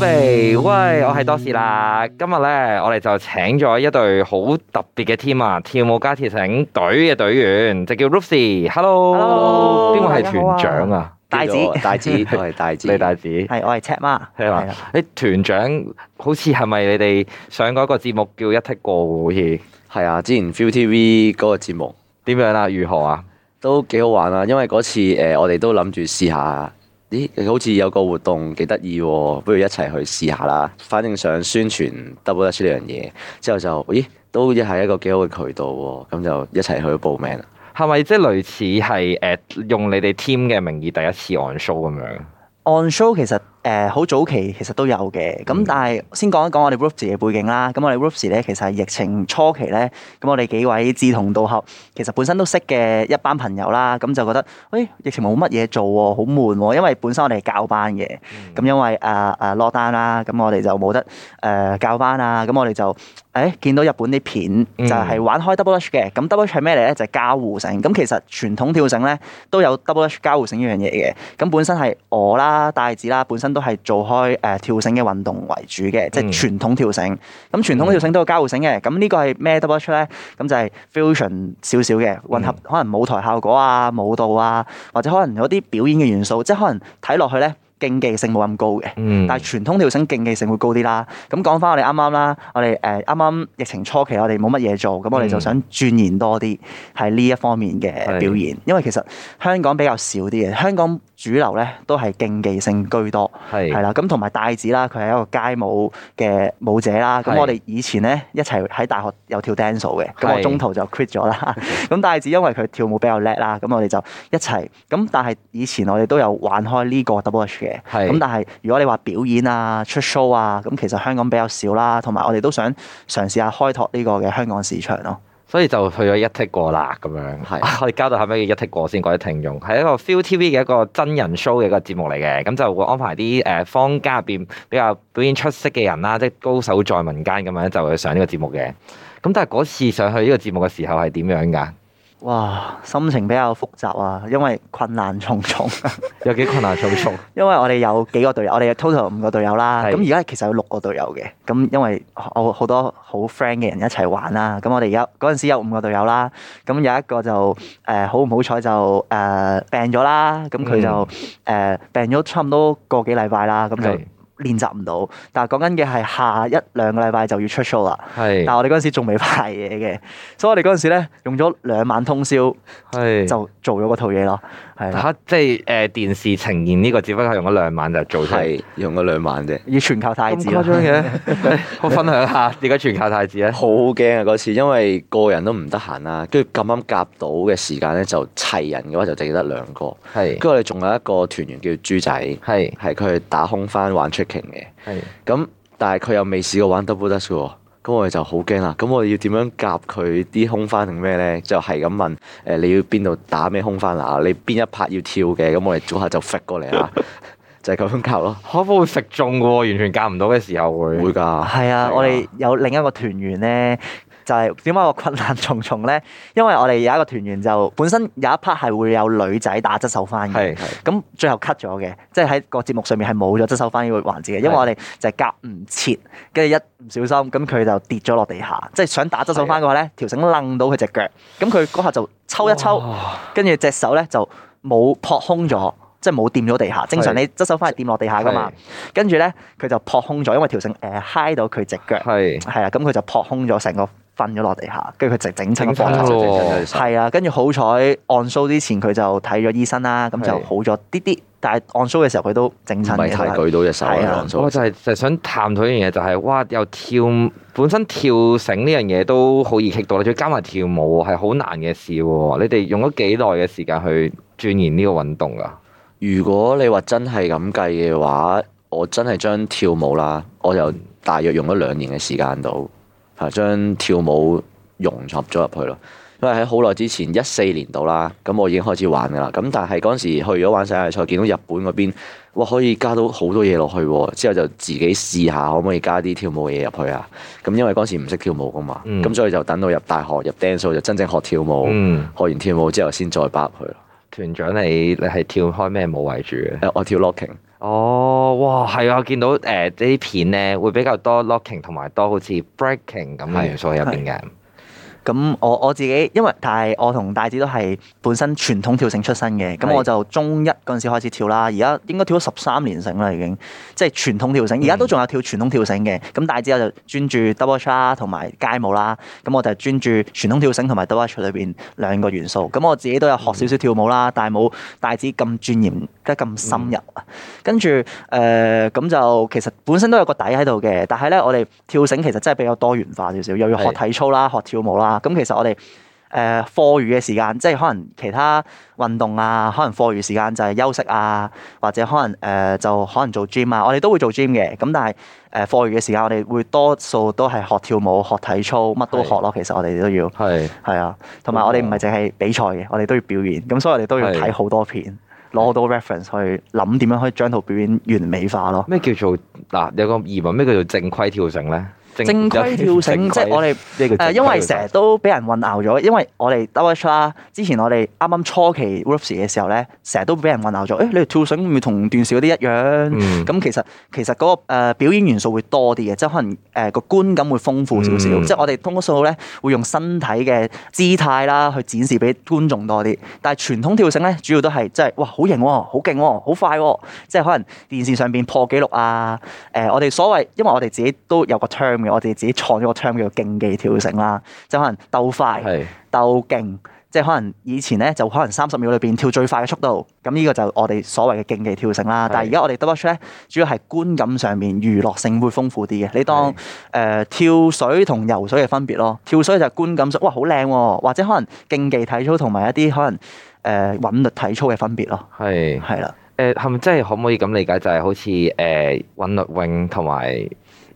喂，我係多士啦。今日咧，我哋就請咗一對好特別嘅 team 啊，跳舞加跳繩隊嘅隊員，就叫 Ropssy Hello，h e l l o 邊個係團長啊，啊？大子，大子， 我係大子， 大子係，我係赤馬。係嘛吧？誒、啊，團長好似係咪你哋上過一個節目叫一踢過？好似係啊，之前 ViuTV 嗰個節目，點樣啊？如何啊？都幾好玩啊！因為嗰次誒、呃，我哋都諗住試下。咦，好似有個活動幾得意喎，不如一齊去試下啦。反正想宣傳 Double One 出呢樣嘢，之後就咦都亦係一個幾好嘅渠道喎。咁就一齊去報名啦。係咪即係類似係誒用你哋 team 嘅名義第一次 on show 咁樣？on show 其實。誒好、呃、早期其實都有嘅，咁但係先講一講我哋 Ropssy 嘅背景啦。咁我哋 Ropssy 咧其實係疫情初期咧，咁我哋幾位志同道合，其實本身都識嘅一班朋友啦。咁就覺得，誒、哎、疫情冇乜嘢做喎、哦，好悶喎、哦。因為本身我哋係教班嘅，咁、嗯、因為誒誒落單啦，咁我哋就冇得誒、uh, 教班啊，咁我哋就。誒、哎、見到日本啲片就係、是、玩開 Double Dutch 嘅，咁 Double Dutch 係咩嚟咧？就係、是、交互繩。咁其實傳統跳繩咧都有 Double Dutch 交互繩呢樣嘢嘅。咁本身係我啦、帶子啦，本身都係做開誒跳繩嘅運動為主嘅，即、就、係、是、傳統跳繩。咁、嗯、傳統跳繩都有交互繩嘅。咁呢個係咩 Double Dutch 咧？咁就係、是、fusion 少少嘅，混合可能舞台效果啊、舞蹈啊，或者可能有啲表演嘅元素，即係可能睇落去咧。競技性冇咁高嘅，但係全通條繩競技性會高啲啦。咁講返我哋啱啱啦，我哋誒啱啱疫情初期我哋冇乜嘢做，咁我哋就想鑽研多啲喺呢一方面嘅表現，嗯、因為其實香港比較少啲嘅，香港主流咧都係競技性居多，係啦是。咁同埋戴子啦，佢係一個街舞嘅舞者啦。咁是 我哋以前咧一齊喺大學有跳 dance 嘅，咁是 我中途就 quit 咗啦。咁是的 戴子因為佢跳舞比較叻啦，咁我哋就一齊。咁但係以前我哋都有玩開呢個 double 嘅。H 咁是但係如果你話表演啊出 show 啊，咁其實香港比較少啦，同埋我哋都想嘗試下開拓呢個嘅香港市場咯，啊。所以就去咗一剔過啦咁樣。係是、啊，我哋交代下咩叫一剔過先，或者停用各位聽眾。係一個 ViuTV 嘅一個真人 show 嘅一個節目嚟嘅，咁就會安排啲誒坊間入邊比較表演出色嘅人啦，即、就、係、是、高手在民間咁樣就去上呢個節目嘅。咁但係嗰次上去呢個節目嘅時候係點樣㗎？哇，心情比較複雜啊，因為困難重重。 有幾困難重重？ 因為我哋有幾個隊友，我哋有 total 五個隊友啦。咁而家其實有六個隊友嘅。咁因為我好多好 friend 嘅人一齊玩啦。咁我哋而家嗰陣時有五個隊友啦。咁有一個就誒好唔好彩就誒病咗啦。咁佢就誒病咗差唔多個幾禮拜啦。咁就，呃練習唔到，但係講緊嘅係下一兩個禮拜就要出 show 啦。係是的，但係我哋嗰陣時仲未排嘢嘅，所以我哋嗰陣時咧用咗兩晚通宵，係是的 就做咗嗰套嘢咯。吓，即係誒，電視呈現呢個只不過用咗兩晚就做出用咗兩晚啫。要全靠太子，咁誇張嘅，好分享下而解全靠太子咧。好驚啊！嗰次，因為個人都唔得閒啦，跟住咁啱夾到嘅時間咧，就齊人嘅話就淨得兩個。係，跟住我哋仲有一個團員叫豬仔，係，係佢打空翻玩出 r 嘅。係，咁但係佢又未試過玩 double d u t 咁我哋就好驚啦！咁我哋要點樣夾佢啲空翻定咩咧？就係咁問誒、呃，你要邊度打咩空翻啊？你邊一拍要跳嘅？咁我哋組下就揈過嚟啦， 就係咁樣夾咯。可否會食中㗎？完全夾唔到嘅時候會會的㗎。係啊，啊我哋有另一個團員咧。就係點解個困難重重咧？因為我哋有一個團員就本身有一 part 係會有女仔打側手翻嘅，咁是是 最後 cut 咗嘅，即係喺個節目上面係冇咗側手翻呢個環節嘅。因為我哋就係夾唔切，跟住一唔小心，咁佢就跌咗落地下。即係想打側手翻嘅話咧，是的 條繩掹到佢隻腳，咁佢嗰下就抽一抽，跟住隻手咧就冇撲空咗，即係冇掂咗地下。正常你側手翻係掂落地下噶嘛？跟住咧佢就撲空咗，因為條繩誒 high 到佢隻腳，係係啊，咁佢就撲空咗成個。瞓咗落地下，跟住佢直整親個膊頭係啊，跟住好彩 on show 之前佢就睇咗醫生啦，咁就好咗啲啲，是但係 on show 嘅時候佢都整親嘅，太攰到隻手我就係、是、就係、是、想探討一樣嘢，就係、是、哇，又跳本身跳繩呢樣嘢都好易攰到，再加埋跳舞係好難嘅事喎，啊，你哋用咗幾耐嘅時間去鑽研呢個運動啊？如果你話真係咁計嘅話，我真係將跳舞啦，我就大約用咗兩年嘅時間到。係將跳舞融合咗入去咯，因為喺好耐之前一四年度啦，咁我已經開始玩㗎啦。咁但係嗰陣時去咗玩世界賽，見到日本嗰邊，哇，可以加到好多嘢落去，之後就自己試下可唔可以加啲跳舞嘢入去啊。咁因為嗰陣時唔識跳舞㗎嘛，咁、嗯、所以就等到入大學入 dance 就真正學跳舞，嗯、學完跳舞之後先再擺入去咯。團長你你係跳開咩舞為主嘅？我跳 locking。哦，哇，係啊，我見到、呃、呢啲片咧，會比較多 locking 同埋多好似 breaking 咁嘅元素喺入邊嘅。的咁我我自己，因為但係我同大子都係本身傳統跳繩出身嘅，咁我就中一嗰陣時開始跳啦，而家應該跳咗十三年繩啦，已經即係傳統跳繩，而家都仲有跳傳統跳繩嘅。咁大、嗯、子我就專注 Double Dutch 同埋街舞啦，咁我就專注傳統跳繩同埋 Double Dutch 裏邊兩個元素。咁我自己都有學少少跳舞啦，嗯、但係冇大子咁鑽研得咁深入。嗯、跟住誒咁就其實本身都有個底喺度嘅，但係咧我哋跳繩其實真係比較多元化少少，又要學體操啦，學跳舞啦。咁其實我哋誒、呃、課餘嘅時間，即係可能其他運動啊，可能課餘時間就係休息啊，或者可能誒、呃、就可能做 gym 啊，我哋都會做 gym 嘅。咁但係誒課餘嘅時間，我哋會多數都係學跳舞、學體操，乜都學咯。其實我哋都要係係是啊，同埋我哋唔係淨係比賽嘅，我哋都要表演。咁所以我哋都要睇好多片，攞好是多 reference 去諗點樣可以將套表演完美化咯。咩叫做嗱、啊、有個疑問？咩叫做正規跳繩咧？正規跳繩即係我哋誒因為成日都俾人混淆咗。因為我哋 d o u b 都出啦，之前我哋啱啱初期 group 視嘅時候咧，成日都俾人混淆咗。誒、哎、你哋跳繩會同段視啲一樣？咁、嗯、其實其實個誒表演元素會多啲嘅，即係可能誒個觀感會豐富少少。嗯、即係我哋通個數咧，會用身體嘅姿態啦去展示俾觀眾多啲。但係傳統跳繩咧，主要都係即係哇，好型喎，好勁喎，好快喎。即係可能電視上邊破紀錄啊？誒、呃、我哋所謂因為我哋自己都有個 term 嘅。我哋自己創咗個 term 叫競技跳繩啦，即係可能鬥快、鬥勁，即係可能以前咧就可能三十秒裏邊跳最快嘅速度，咁、這、呢個就我哋所謂嘅競技跳繩啦。但係而家我哋 Double Dutch 主要係觀感上面娛樂性會豐富啲嘅。你當誒、呃、跳水同游水嘅分別咯，跳水就係觀感，上，哇好靚、啊，或者可能競技體操同埋一啲可能誒韻律體操嘅分別咯。係係啦，誒係咪即係可唔可以咁理解就係、是、好似誒韻律泳同埋？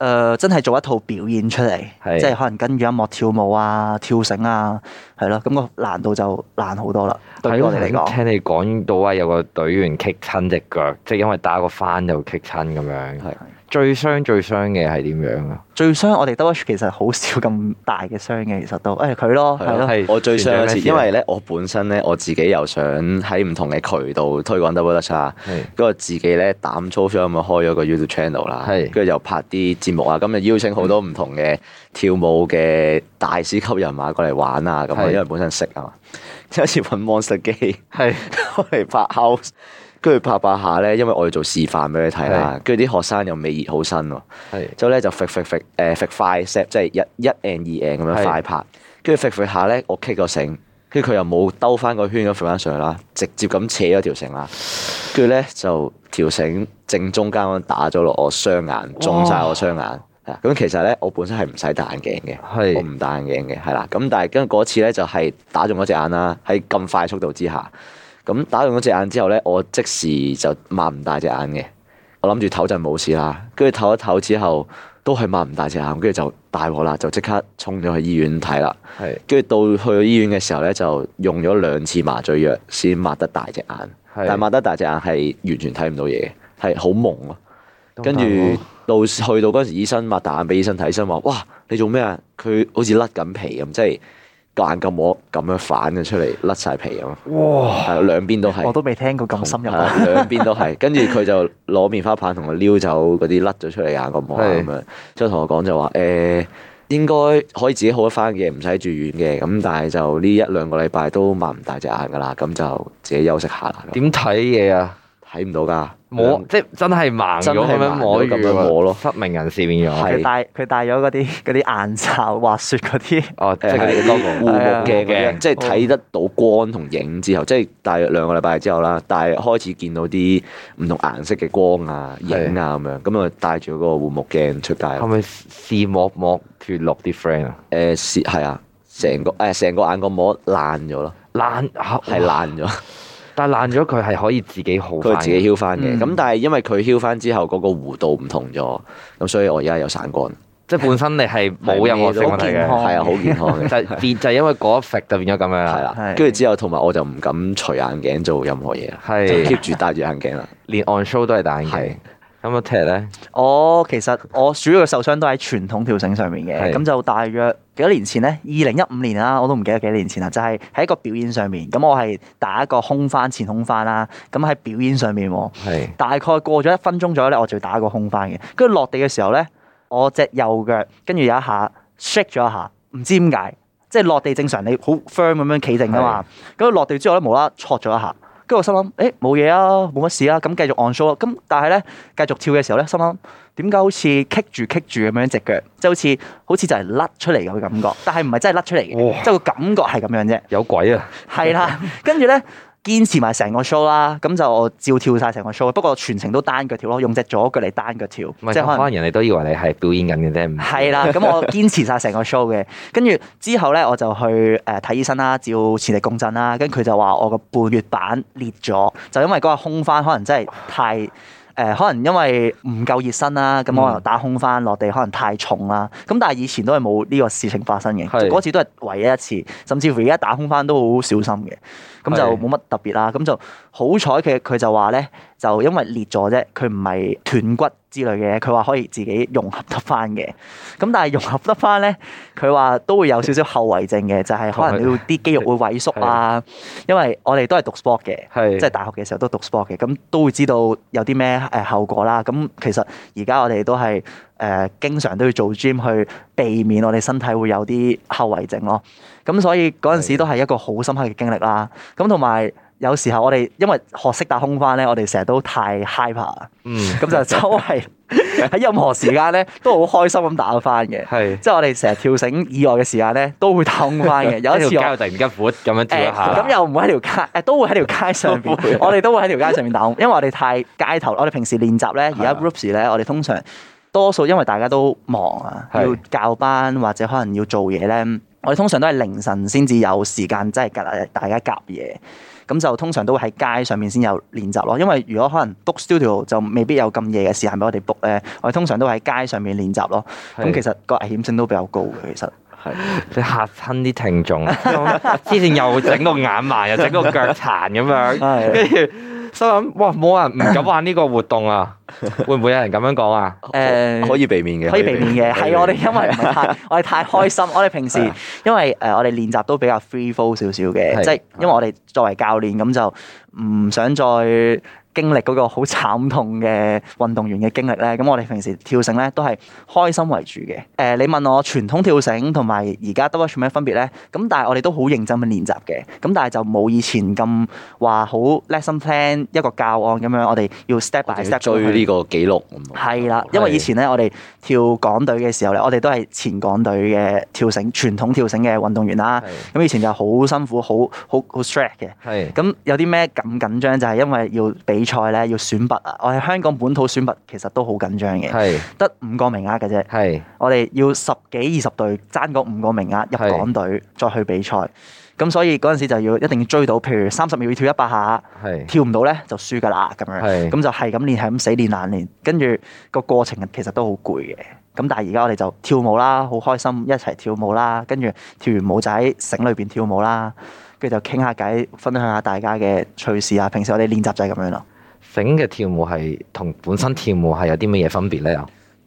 誒真係做一套表演出嚟，即係可能跟住音樂跳舞啊、跳繩啊，係咯，咁個難度就難好多啦。對於我哋嚟講，聽你講到話有個隊員踢親隻腳，即係因為打個翻又踢親咁樣。係最傷最傷嘅係點樣啊？最傷我哋 double 其實好少咁大嘅傷嘅，其實都誒佢咯，係咯。我最傷嗰次，因為咧我本身咧我自己又想喺唔同嘅渠道推廣 double 啦，係。跟住自己咧膽粗粗咁開咗個 YouTube channel 啦，係。跟住又拍啲節目啊，今日邀請好多唔同嘅跳舞嘅大師級人馬過嚟玩啊，咁啊，因為本身識啊嘛，有一次搵 Monster G 我嚟拍 house，跟住拍拍下咧，因為我要做示範俾你睇下。跟住啲學生又未熱好身，之後咧就 f 快快快誒快 set，即係一一 and 二 and 咁樣快拍，跟住 fix f i 快下咧我 kick 個繩。跟住佢又冇兜翻個圈咁飛翻上去啦，直接咁扯咗條繩啦。跟住咧就條繩正中間咁打咗落我雙眼，中晒我雙眼。咁哇 其實咧我本身係唔使戴眼鏡嘅，是 我唔戴眼鏡嘅，係啦。咁但係跟住嗰次咧就係、是、打中嗰隻眼啦，喺咁快速度之下，咁打中嗰隻眼之後咧，我即時就擘唔大隻眼嘅。我諗住唞陣冇事啦，跟住唞一唞之後，都係擘唔大隻眼，跟住就大鑊啦，就即刻衝咗去醫院睇啦。係是，跟住到去醫院嘅時候咧，就用咗兩次麻醉藥先抹得大隻眼。是但係擘得大隻眼係完全睇唔到嘢，係好蒙咯。跟住到去到嗰陣時，醫生抹大眼俾醫生睇，醫生話：哇，你做咩啊？佢好似甩緊皮咁，即係。硬咁摸咁樣反咗出嚟，甩晒皮啊嘛！哇，兩邊都係，我都未聽過咁深入和。啊、兩邊都係，跟住佢就攞棉花棒同我撩走嗰啲甩咗出嚟眼角膜咁樣。之後同我講就話誒、呃，應該可以自己好得翻嘅，唔使住院嘅。咁但係就呢一兩個禮拜都擘唔大隻眼㗎啦。咁就自己休息下啦。點睇嘢啊？睇唔到㗎，摸即係真係盲咗咁樣摸住咯。失明人士變樣，佢戴佢戴咗嗰啲啲眼罩滑雪嗰啲哦，即係嗰啲護目鏡嘅人？即係睇得到光同影之後，即係大約兩個禮拜之後啦，但係開始見到啲唔同顏色嘅光啊影啊咁樣，咁啊帶住嗰個護目鏡出街。可唔可以視膜膜脱落啲 friend 啊？誒係啊，成個誒成個眼角膜爛咗咯，爛係爛咗。但係爛咗佢係可以自己好，佢自己翹翻嘅。咁、嗯、但係因為佢翹翻之後嗰、嗰個弧度唔同咗，咁所以我而家有散光。即係本身你係冇任何問題嘅，係啊，好健康嘅。就係變，就係因為嗰一 f 就變咗咁樣啦。係啦了，跟住是之後同埋我就唔敢除眼鏡做任何嘢啦，是就 keep 住戴住眼鏡啦， 連 on show 都係戴眼鏡。咁啊踢咧，我其實我主要嘅受傷都喺傳統跳繩上面嘅，咁是就大約幾多年前咧，二零一五年啦，我都唔記得幾年前啦，就係、是、喺一個表演上面，咁我係打一個空翻前空翻啦，咁喺表演上面，係是大概過咗一分鐘左右咧，我就打一個空翻嘅，跟住落地嘅時候咧，我隻右腳跟住有一下 shake 咗一下，唔知點解，即係落地正常你好 firm 咁樣企定噶嘛，咁是落地之後咧無啦啦戳咗一下。跟住我心諗，誒，冇嘢啊，冇乜事啊，咁繼續按 show 啊，咁但係咧，繼續跳嘅時候咧，心諗，點解好似棘住棘住咁樣隻腳，即係好似好似就係甩出嚟嘅感覺，但係唔係真係甩出嚟嘅，即係哇個感覺係咁樣啫。有鬼啊！係啦的，跟住咧。堅持埋成個 show 啦，咁就照跳晒成個 show。不過全程都單腳跳咯，用隻左腳嚟單腳跳。即係，可能人哋都以為你係表演緊嘅啫。係啦，咁 我堅持晒成個 show 嘅。跟住之後咧，我就去誒睇醫生啦，照磁力共振啦。跟住佢就話我個半月板裂咗，就因為嗰個空翻可能真係太。 誒、呃、可能因為唔夠熱身啦，咁、嗯、可能打空翻落地可能太重啦。咁但係以前都係冇呢個事情發生嘅，嗰是的 次都係唯一一次，甚至乎而家打空翻都好小心嘅。咁是的 就冇乜特別啦。咁就好彩，佢佢就話咧，就因為裂咗啫，佢唔係斷骨。之類嘅，佢話可以自己融合得翻嘅，咁但係融合得翻咧，佢話都會有少少後遺症嘅，就係、是、可能你會啲肌肉會萎縮啊。 的因為我哋都係讀 sport 嘅，的即係大學嘅時候都讀 sport 嘅，咁都會知道有啲咩誒後果啦。咁其實而家我哋都係誒、呃、經常都要做 gym 去避免我哋身體會有啲後遺症咯。咁所以嗰陣時都係一個好深刻嘅經歷啦。咁同埋。有時候我哋因為學識打空翻咧，我哋成日都太 hyper，咁、嗯、就周圍喺任何時間咧都好開心咁打翻嘅。係，即係我哋成日跳繩以外嘅時間咧，都會打空翻嘅。有一次喺條街突然間闊咁樣跳一下，咁又唔會喺條街，誒 都會喺條街上邊。 我哋都會喺條街上面打空，因為我哋太街頭。 我哋平時練習咧，而家 group 時咧，我哋通常多數因為大家都忙啊，是的 要教班或者可能要做嘢咧，我哋通常都係凌晨先至有時間，即係夾大家夾嘢。咁就通常都會喺街上面先有練習咯，因為如果可能 book studio 就未必有咁夜嘅時間俾我哋 book 咧，我哋通常都喺街上面練習咯。咁是的 其實個危險性都比較高嘅，其實。係，你嚇親啲聽眾。之前 又整到眼盲，又整到腳殘咁樣。係。 是的 就諗、so，哇，冇人唔敢玩呢個活動啊！ 會唔會有人咁樣講啊？誒、uh，可以避免嘅，可以避免嘅，係我哋因為我哋太， 太開心， 我哋平時 因為誒我哋練習都比較 free flow 少少嘅，即係 因為我哋作為教練咁就唔想再。經歷嗰個好慘痛嘅運動員嘅經歷咧，咁我哋平時跳繩咧都係開心為主嘅。誒、呃，你問我傳統跳繩同埋而家 Double Dutch 有咩分別咧？咁但係我哋都好認真去練習嘅。咁但係就冇以前咁話好 lesson plan 一個教案咁樣，我哋要 step by step 去追呢個記錄咁。係啦了，因為以前咧我哋跳港隊嘅時候咧，我哋都係前港隊嘅跳繩傳統跳繩嘅運動員啦。咁是的 以前就好辛苦，好好好 stress 嘅。係。咁是的 有啲咩咁緊張就係因為要俾，比賽咧要選拔啊，我哋香港本土選拔其實都好緊張嘅，得是五個名額嘅啫。係是我哋要十幾二十隊爭嗰五個名額入港隊是再去比賽，咁所以嗰陣時就要一定要追到，譬如三十秒要跳一百下，是跳唔到咧就輸噶啦咁樣，咁就係咁練係咁死練硬練，跟住個過程其實都好攰嘅。咁但係而家我哋就跳舞啦，好開心一齊跳舞啦，跟住跳完舞仔喺繩裏邊跳舞啦，跟住就傾下偈，分享下大家嘅趣事啊，平時我哋練習就係咁樣咯。整嘅跳舞係同本身跳舞係有啲乜嘢分別咧？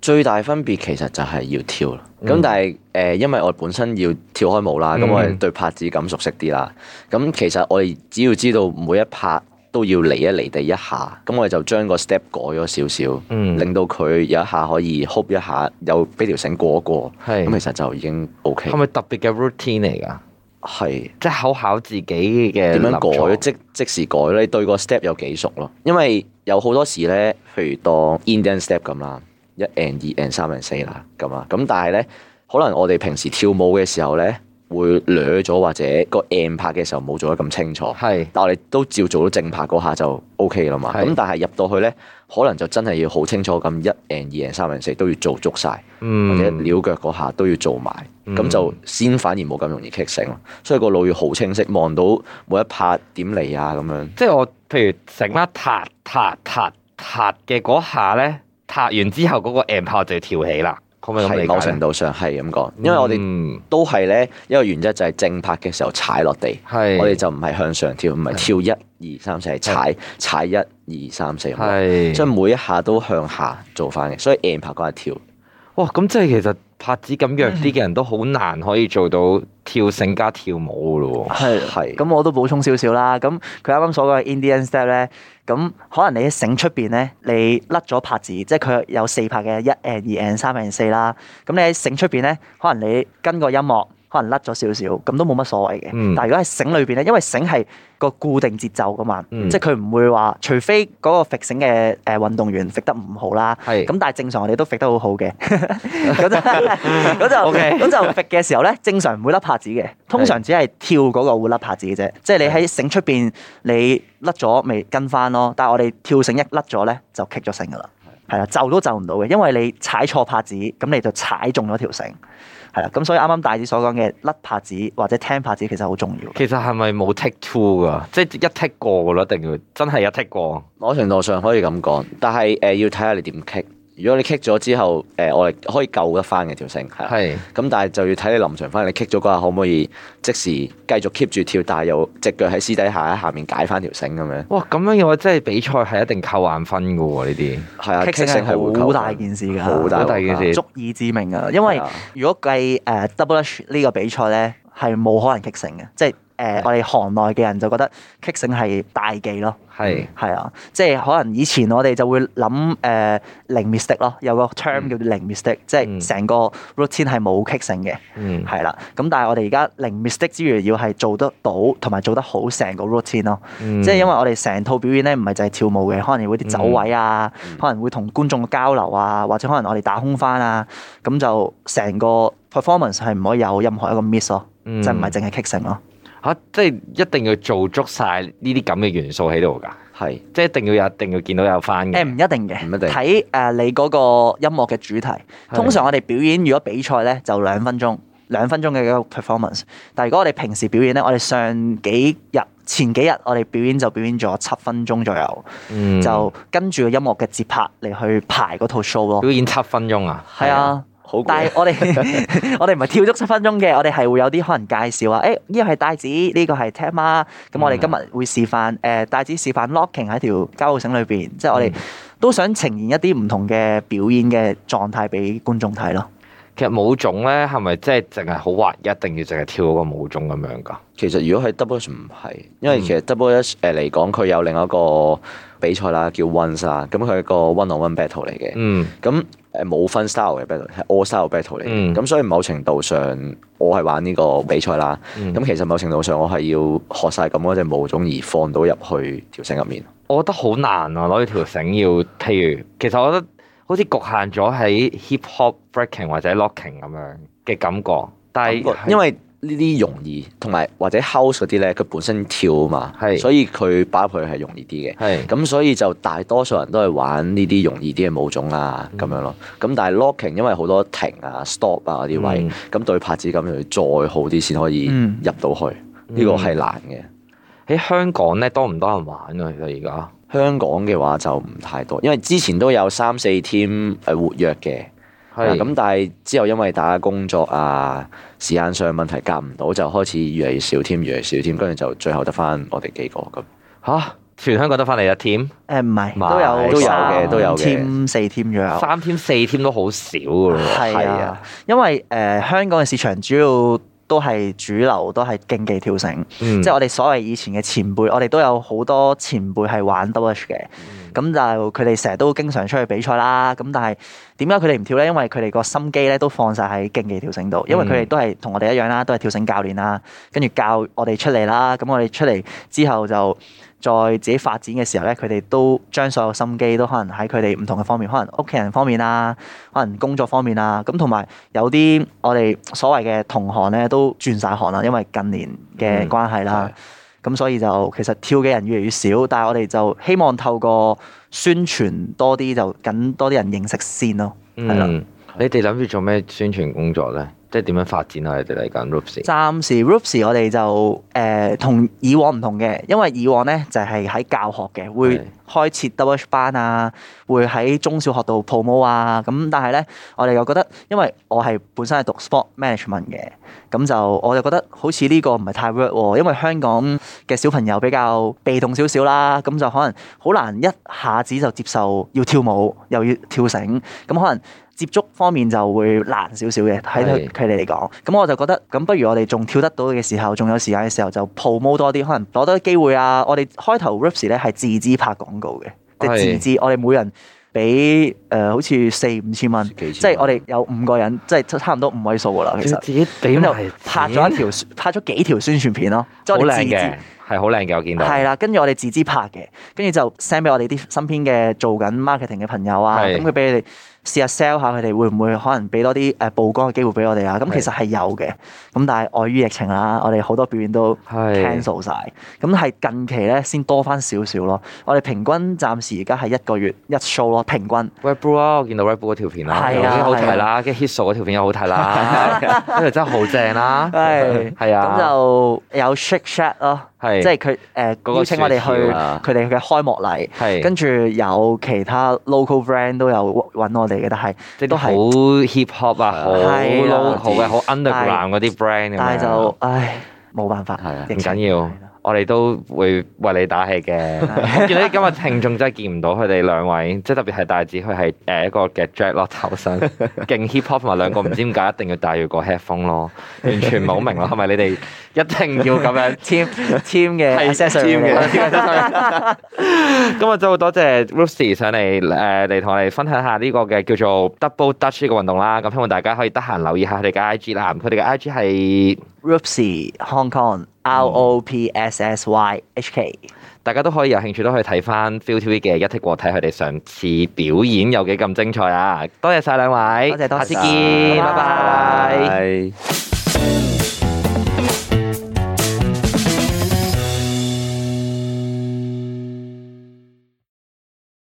最大分別其實就係要跳啦。咁、嗯、但係誒，因為我本身要跳開舞啦，咁、嗯、我對拍子咁熟悉啲啦。咁其實我哋只要知道每一拍都要離一離地一下，咁我哋就將個 step 改咗少少，嗯、令到佢有一下可以 hook 一下，有俾條繩過一過。咁是其實就已經 OK。係咪特別嘅 routine 嚟㗎？係，即考考自己嘅點樣改，即即時改咧。你對個 step 有幾熟咯？因為有好多時咧，譬如當 Indian step 咁啦，一 and 二 and 三 and 四啦咁啊。咁但係咧，可能我哋平時跳舞嘅時候咧。會掠咗或者個 M 拍嘅時候冇做得咁清楚，係是，但我哋都照做到正拍嗰下就 O K 啦嘛。咁是但係入到去咧，可能就真係要好清楚咁一 M、二 M、三 M、四都要做足晒，嗯、或者撩腳嗰下都要做埋，咁、嗯、就先反而冇咁容易棘醒咯。所以個腦要好清晰，望到每一拍點嚟啊咁樣。即係我譬如整粒踏踏踏踏嘅嗰下咧，踏完之後嗰個 M 拍就要跳起啦。某程度上係咁講，因為我哋都係咧，一個原則就係正拍嘅時候踩落地，是我哋就唔係向上跳，唔係跳一是、二、三、四是，係踩踩一、二、三、四，所以每一下都向下做翻嘅，所以硬拍嗰個跳，哇！咁即係其實。拍子咁弱啲嘅人都好難可以做到跳繩加跳舞嘅咯喎，係，係。咁我都補充少少啦。咁佢啱啱所講嘅 Indian step 咧，咁可能你喺繩出邊咧，你甩咗拍子，即係佢有四拍嘅一 n 二 n 三 n 四,三四啦。咁你喺繩出邊咧，可能你跟個音樂。可能甩咗少少，咁都冇乜所謂嘅。嗯、但係如果係繩裏邊咧，因為繩係個固定節奏噶嘛，嗯、即係佢唔會話，除非嗰個揈繩嘅誒運動員揈得唔好啦。係是，咁但係正常我哋都揈得好好嘅。咁 Okay. 就咁就咁揈嘅時候咧，正常唔會甩拍子嘅。通常只係跳嗰個會甩拍子嘅啫。是即係你喺繩出邊，你甩咗未跟翻咯。但係我哋跳繩一甩咗咧，就棘咗繩噶啦。係啦，就都就唔到嘅，因為你踩錯拍子，咁你就踩中咗條繩。係啦，咁所以啱啱 TAITSZ 所講嘅甩拍子或者聽拍子，其實好重要。其實係咪冇 take two 噶？即係一 take 過噶咯，一定要真係一 take 過。某程度上可以咁講，但係誒、呃、要睇下你點 take 如果你棘咗之後，誒，我哋可以救一翻嘅條繩，係啦。咁是的 但係就要睇你臨場，反嚟你 k 咗嗰下可唔可以即時繼續 keep 住跳，但又隻腳喺私底下喺下面解翻條繩咁樣。哇！咁樣嘅我即係比賽係一定扣眼分嘅喎，呢啲係啊，棘 i c k 繩係好大件事㗎，好大件事，件事足以致命㗎。因為的如果計誒、uh, double 呢個比賽咧，係冇可能棘 i 嘅，即係。誒，我哋行內嘅人就覺得 kick 繩係大忌咯，係係啊，即係可能以前我哋就會諗誒零 mistake 咯，有個 term 叫做零 mistake，即係成個 routine 係冇 kick 繩嘅，係啦。咁但係我哋而家零 mistake 之餘，要係做得到同埋做得好成個 routine 咯，即係因為我哋成套表演咧，唔係淨係跳舞嘅，可能會啲走位啊，可能會同觀眾交流啊，或者可能我哋打空翻啊，咁就成個 performance 係唔可以有任何一個 miss 咯，即係唔係淨係 kick 繩咯。嚇、啊！即係一定要做足晒呢啲咁嘅元素喺度㗎。係是，即係一定要有，一定要見到有翻嘅。誒唔一定嘅，唔一定睇誒、uh, 你嗰個音樂嘅主題。是通常我哋表演如果比賽咧，就兩分鐘，兩分鐘嘅一個 performance。但係如果我哋平時表演咧，我哋上幾日前幾日我哋表演就表演咗七分鐘左右，嗯、就跟住個音樂嘅節拍嚟去排嗰套 show 咯。表演七分鐘啊！係啊。但係我哋 我哋唔係跳足七分鐘嘅，我哋係會有啲可能介紹啊。誒、哎，呢個係 TAITSZ，呢個係 TEDMA。咁我哋今日會示範誒帶、呃、子示範 locking 喺條膠繩裏邊，即係我哋都想呈現一啲唔同嘅表演嘅狀態俾觀眾睇咯、嗯。其實舞種咧係咪即係淨係好滑，一定要淨係跳嗰個舞種咁樣噶？其實如果係 double H 唔係，因為其實 double H 嚟講，佢有另一個。比賽啦，叫 ones 咁佢一個 one on one battle 嚟嘅，咁誒冇分 style 嘅 battle，係 all style battle 嚟嘅，咁、嗯、所以某程度上我係玩呢個比賽啦，咁、嗯、其實某程度上我係要學晒咁多隻舞種而放到入去條繩入面，我覺得好難啊，攞條繩要，譬如其實我覺得好似局限咗喺 hip hop breaking 或者 locking 咁樣嘅感覺，但係覺是因為。呢啲容易，同埋或者 house 嗰啲咧，佢本身跳嘛，是所以佢擺入去係容易啲嘅。咁是所以就大多數人都係玩呢啲容易啲嘅舞種啊，咁、嗯、樣咯。咁但係 locking，因為好多停啊、stop 啊嗰啲位，咁、嗯、對拍子感要再好啲先可以入到去。呢個係難嘅。喺香港咧，多唔多人玩啊？其實而家香港嘅話就唔太多，因為之前都有三四 team 係活躍嘅。係咁，但係之後因為大家工作啊，時間上問題夾唔到，就開始越嚟越少添，越嚟少添，跟住就最後得翻我哋幾個咁。嚇、啊，全香港得翻嚟一 team？誒唔係，是都有都 3, 有嘅，都 3, 有 team 四 team 左右。三 team 四 team 都好少嘅喎。啊，因為誒、呃、香港嘅市場主要都係主流都係競技跳繩，嗯、即係我哋所謂以前嘅前輩，我哋都有好多前輩係玩 Double 嘅。嗯咁就佢哋成日都經常出去比賽啦，咁但係點解佢哋唔跳咧？因為佢哋個心機咧都放晒喺競技跳繩度，因為佢哋都係同我哋一樣啦，都係跳繩教練啦，跟住教我哋出嚟啦。咁我哋出嚟之後，就再自己發展嘅時候咧，佢哋都將所有心機都可能喺佢哋唔同嘅方面，可能屋企人方面啦，可能工作方面啦。咁同埋有啲我哋所謂嘅同行咧都轉晒行啦，因為近年嘅關係啦。嗯咁所以就其實跳嘅人越嚟越少，但係我哋就希望透過宣傳多啲，就等多啲人認識先咯，係啦、嗯。的你哋諗住做咩宣傳工作咧？即係點樣發展啊？你哋嚟講，Ropssy，暫時 Ropssy，我哋就誒同、呃、以往唔同嘅，因為以往咧就係、是、喺教學嘅，會開設 Double Dutch 班啊，會喺中小學度 promo 啊，咁但係咧我哋又覺得，因為我係本身係讀 sport management 嘅，咁就我就覺得好似呢個唔係太 work 喎，因為香港嘅小朋友比較被動少少啦，咁就可能好難一下子就接受要跳舞又要跳繩，咁可能。接觸方面就會難少少嘅，喺佢哋嚟講，咁我就覺得咁不如我哋仲跳得到嘅時候，仲有時間嘅時候，就 promote 多啲，可能攞多啲機會啊！我哋開頭 Ropssy 咧係自資拍廣告嘅，即係自資，我哋每人俾誒好似四五千蚊，即係我哋有五個人，即係差唔多五位數噶啦。其實自己點就拍咗一條，拍咗幾條宣傳片咯，好靚嘅，係好靚嘅，我見到係啦。跟住我哋自資拍嘅，跟住就 send 俾我哋啲身邊嘅做緊 marketing 嘅朋友啊，咁佢俾你哋。試下 sell 下佢哋會唔會可能俾多啲誒曝光嘅機會俾我哋啊？咁其實係有嘅，咁但係礙於疫情啦，我哋好多表演都 cancel 晒。咁係近期咧先多翻少少咯。我哋平均暫時而家係一個月一 show 咯，平均。Red Bull 啊，我見到 Red Bull 嗰條片啦，已經好睇啦，跟住 Hit Show 嗰條片又好睇啦，嗰條真係好正啦，係係啊。咁了、啊、就有 Shake Shack 咯。即係佢誒邀請我哋去佢哋嘅開幕禮，跟住有其他 local brand 都有揾我哋嘅，但係都係好 hip hop 啊，好 local 嘅，好 underground 啲 brand 咁樣，但係就唉，冇辦法，啊，唔緊要。我哋都會為你打氣嘅。 見到今日聽眾真係見唔到佢哋兩位，即係特別係大志佢係誒一個嘅 Jack 樂頭身，勁 hip hop，同埋兩個唔知點解一定要戴住個 headphone 咯，完全冇明咯，係咪 你哋一定要咁樣 team team 嘅？係 session of。 今日真好多謝 Ropssy 上嚟誒嚟同我哋分享下呢個嘅叫做 Double Dutch 嘅運動啦。咁希望大家可以得閒留意下佢哋嘅 IG 啦。佢哋嘅 IG 係。Ropssy Hong Kong R O P S S Y H K，、嗯、大家都可以有興趣都可以睇翻 ViuTV 嘅一 take 過睇佢哋上次表演有幾咁精彩啊！多謝晒兩位，多謝多謝，下次見，多謝，拜拜。拜拜